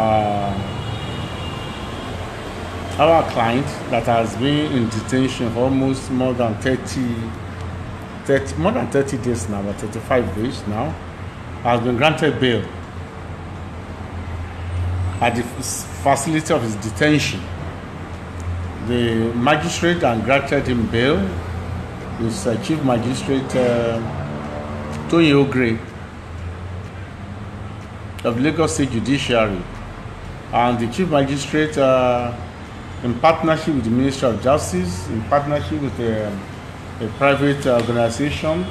uh, our client that has been in detention for almost more than 30, 30 more than 30 days now, or 35 days now, has been granted bail at the facility of his detention. The magistrate and granted him bail is uh, Chief Magistrate uh, Tony Ogre of Lagos State Judiciary. and the chief magistrate uh, in partnership with the ministry of justice in partnership with a, um, a private organization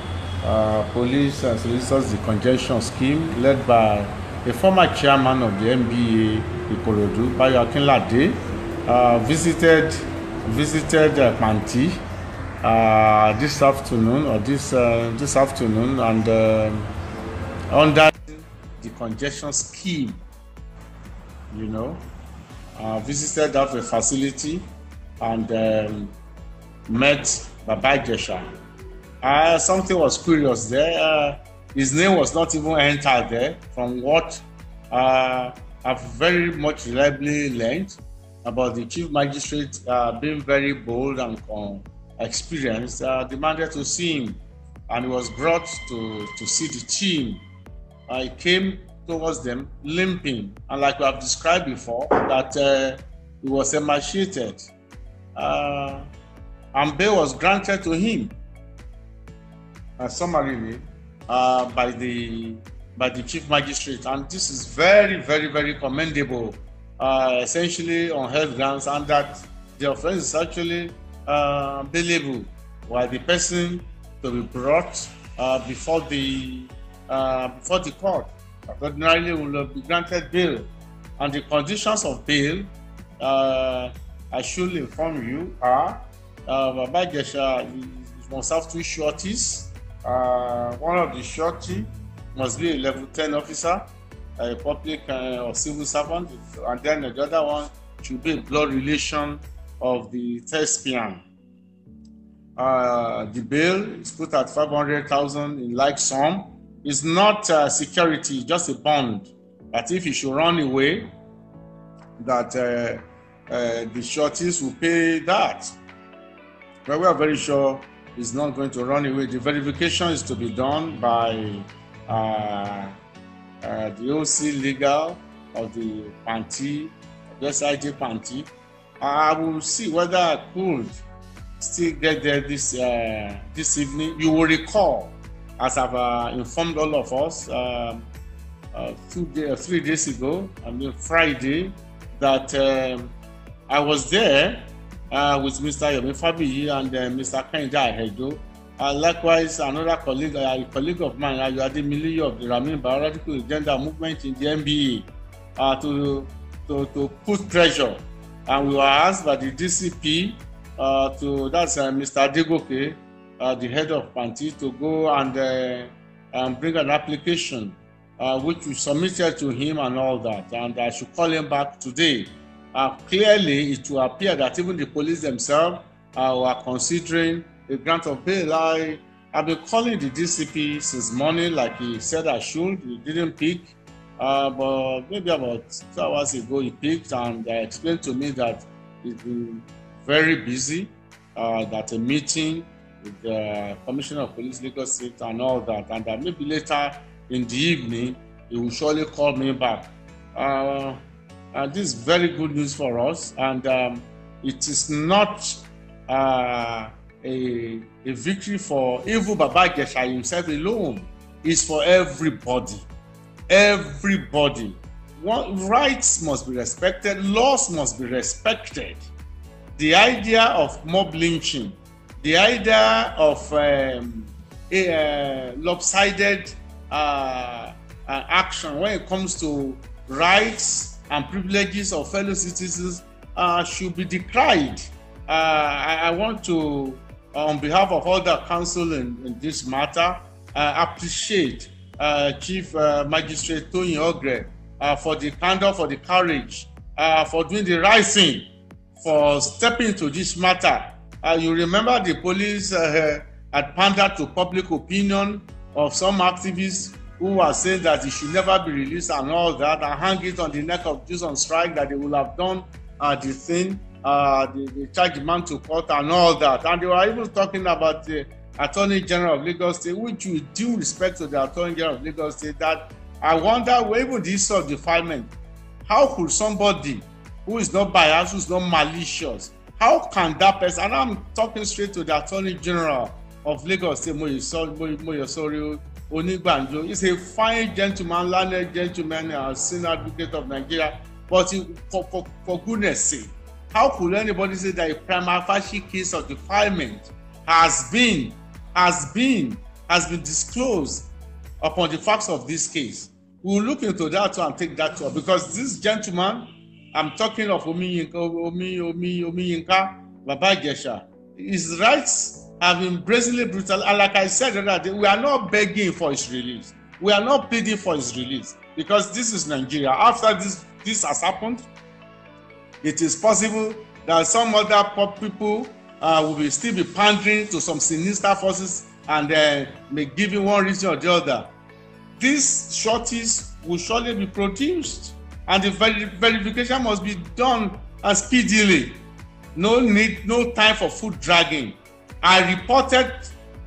uh, police and solicitors the congestion scheme led by a former chairman of the mba ikorodu bayo akinlade uh, visited visited uh, panti uh, this afternoon or this uh, this afternoon and uh, under the congestion scheme you know. Uh, visited that facility and um, met Baba Gesha. Uh, something was curious there. Uh, his name was not even entered there, from what uh, I've very much reliably learned about the chief magistrate uh, being very bold and um, experienced, demanded to see him, and was brought to, to see the team. I came towards them, limping. And like we have described before, that uh, he was emaciated. Uh, and bail was granted to him uh, summarily uh, by the by the chief magistrate, and this is very, very, very commendable. Uh, essentially, on health grounds, and that the offence is actually uh, bailable, while the person to be brought uh, before the uh, before the court ordinarily will be granted bail. And the conditions of bail, uh, I should inform you, are uh, Baba Gesha must have two shorties. Uh, one of the shorty must be a level 10 officer, a public uh, or civil servant, and then the other one should be a blood relation of the thespian. Uh, the bail is put at 500,000 in like sum it's not uh, security, just a bond that if he should run away, that uh, uh, the shorties will pay that. But we are very sure he's not going to run away. The verification is to be done by uh, uh, the OC legal or the Panti, the SIG Panti. I will see whether I could still get there this uh, this evening. You will recall as I've uh, informed all of us um, uh, two day, uh, three days ago, I mean Friday, that um, I was there uh, with Mr. Yomi Fabiyi and uh, Mr. Kenja Ahedo. Uh, likewise, another colleague, a colleague of mine, Ayuade Miliyo of the Ramin Biological Gender Movement in the MBA, to, to, to put pressure. And we were asked by the DCP to, that's Mr. Adegoke, uh, the head of Panti to go and, uh, and bring an application uh, which we submitted to him and all that. And I should call him back today. Uh, clearly, it will appear that even the police themselves are considering a grant of bail. I, I've been calling the DCP since morning, like he said I should. He didn't pick. Uh, but maybe about two hours ago, he picked and uh, explained to me that he's been very busy, that a meeting with the commissioner of police Lagos State and all that, and that uh, maybe later in the evening he will surely call me back. Uh, and this is very good news for us, and um, it is not uh, a, a victory for Evil Baba Gesha himself alone. It's for everybody. Everybody. What rights must be respected, laws must be respected. The idea of mob lynching the idea of um, a, uh, lopsided uh, uh, action when it comes to rights and privileges of fellow citizens uh, should be decried. Uh, I, I, want to, on behalf of all the council in, in this matter, uh, appreciate Chief Magistrate Tony Ogre for the candor, for the courage, for doing the right thing, for stepping into this matter Uh, you remember the police uh, had pandered to public opinion of some activists who were saying that he should never be released and all that, and hang it on the neck of Jews on strike that they would have done uh, the thing, uh, they, they charged the man to court and all that. And they were even talking about the Attorney General of Lagos State, which with due respect to the Attorney General of Lagos State, that I wonder, even this sort of defilement, how could somebody who is not biased, who is not malicious, how can that person and i'm talking straight to the attorney general of lagos say moyesori onigbanjo he's a fine gentleman learned gentleman and senior advocate of nigeria but he, for, for for goodness sake how could anybody say that a prima facie case of defilement has been has been has been disclosed upon the facts of this case we will look into that one and take that one because this gentleman I'm talking of Omiyinka, Omi, Omi, Omiyinka, Baba Ijesha. His rights have been brazenly brutal. And like I said earlier, we are not begging for his release. We are not pleading for his release because this is Nigeria. After this, this has happened, it is possible that some other poor people uh, will be still be pandering to some sinister forces and uh, may give you one reason or the other. These shorties will surely be produced. and the ver- verification must be done uh, speedily. No need, no time for foot dragging. I reported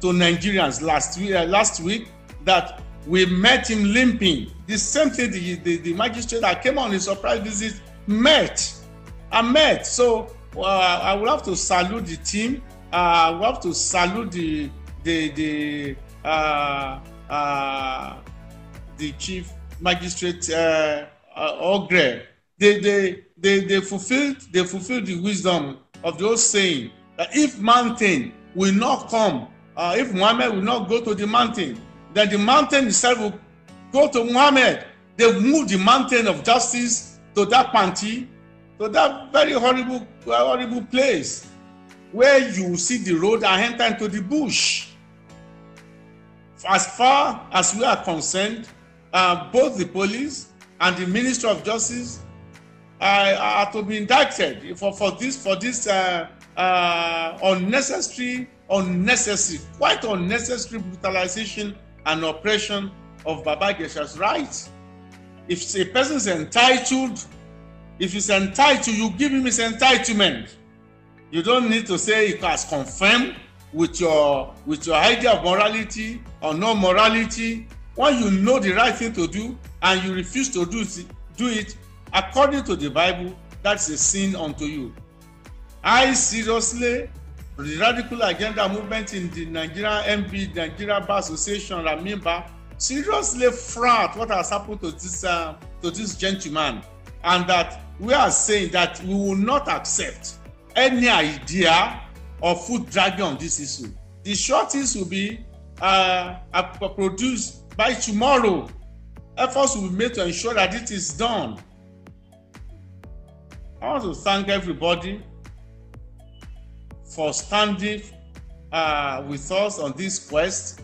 to Nigerians last week, uh, last week that we met him limping. The same thing the, the, the magistrate that came on his surprise visit met. I met. So uh, I will have to salute the team. Uh, I will have to salute the the the uh, uh, the chief magistrate uh, uh, or They, they, they, they, fulfilled, they fulfilled the wisdom of the old saying that if mountain will not come, uh, if Muhammad will not go to the mountain, then the mountain itself will go to Muhammad. They moved the mountain of justice to that panty, to that very horrible, horrible place where you see the road and enter into the bush. As far as we are concerned, uh, both the police and the Minister of Justice uh, are to be indicted for, for this, for this uh, uh, unnecessary, unnecessary, quite unnecessary brutalization and oppression of Baba Gesha's rights. If a person is entitled, if he's entitled, you give him his entitlement. You don't need to say it has confirmed with your with your idea of morality or no morality when you know the right thing to do and you refuse to do it, do it according to the Bible, that's a sin unto you. I seriously the radical agenda movement in the Nigeria MB, Nigeria Bar Association, Ramimba, seriously frowned what has happened to this uh, to this gentleman, and that we are saying that we will not accept any idea of food dragging on this issue. The short will be uh, uh produced By tomorrow, efforts will be made to ensure that it is done. I want to thank everybody for standing uh, with us on this quest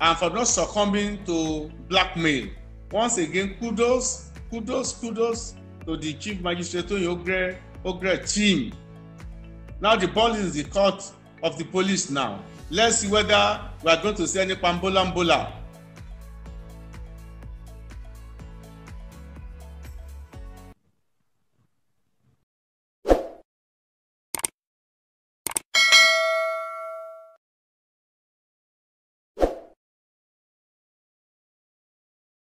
and for not succumbing to blackmail. Once again, kudos, kudos, kudos to the Chief Magistrate Ogre, Ogre team. Now the ball is in the court of the police now. Let's see whether we are going to see any pambola